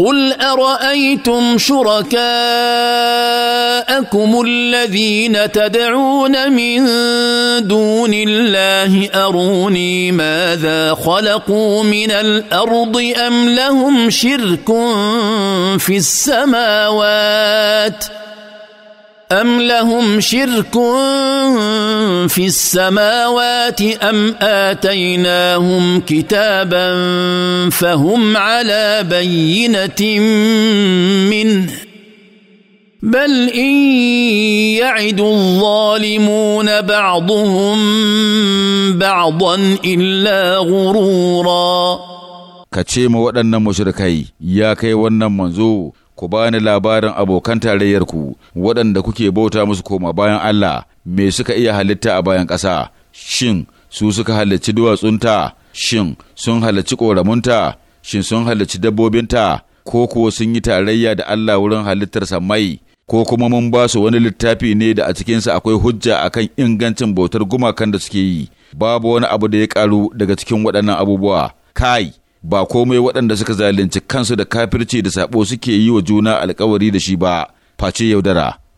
قل ارايتم شركاءكم الذين تدعون من دون الله اروني ماذا خلقوا من الارض ام لهم شرك في السماوات ام لهم شرك في السماوات ام اتيناهم كتابا فهم على بينه منه بل ان يعد الظالمون بعضهم بعضا الا غرورا كتشيم ودنا مشركي يا كي ونن منزو ku bani labarin abokan tarayyarku waɗanda kuke bauta musu koma bayan Allah me suka iya halitta a bayan ƙasa, shin su suka halarci duwatsunta, shin sun halarci ƙoramunta, shin sun halarci dabbobinta, ko kuwa sun yi tarayya da Allah wurin halittar mai, ko kuma mun ba su wani littafi ne da a cikinsa akwai hujja a kan ingancin bautar gumakan da suke yi, babu wani abu da ya ƙaru daga cikin waɗannan abubuwa, kai, ba komai waɗanda suka zalunci kansu da kafirci da saɓo suke yi wa juna alkawari da shi ba, face yaudara.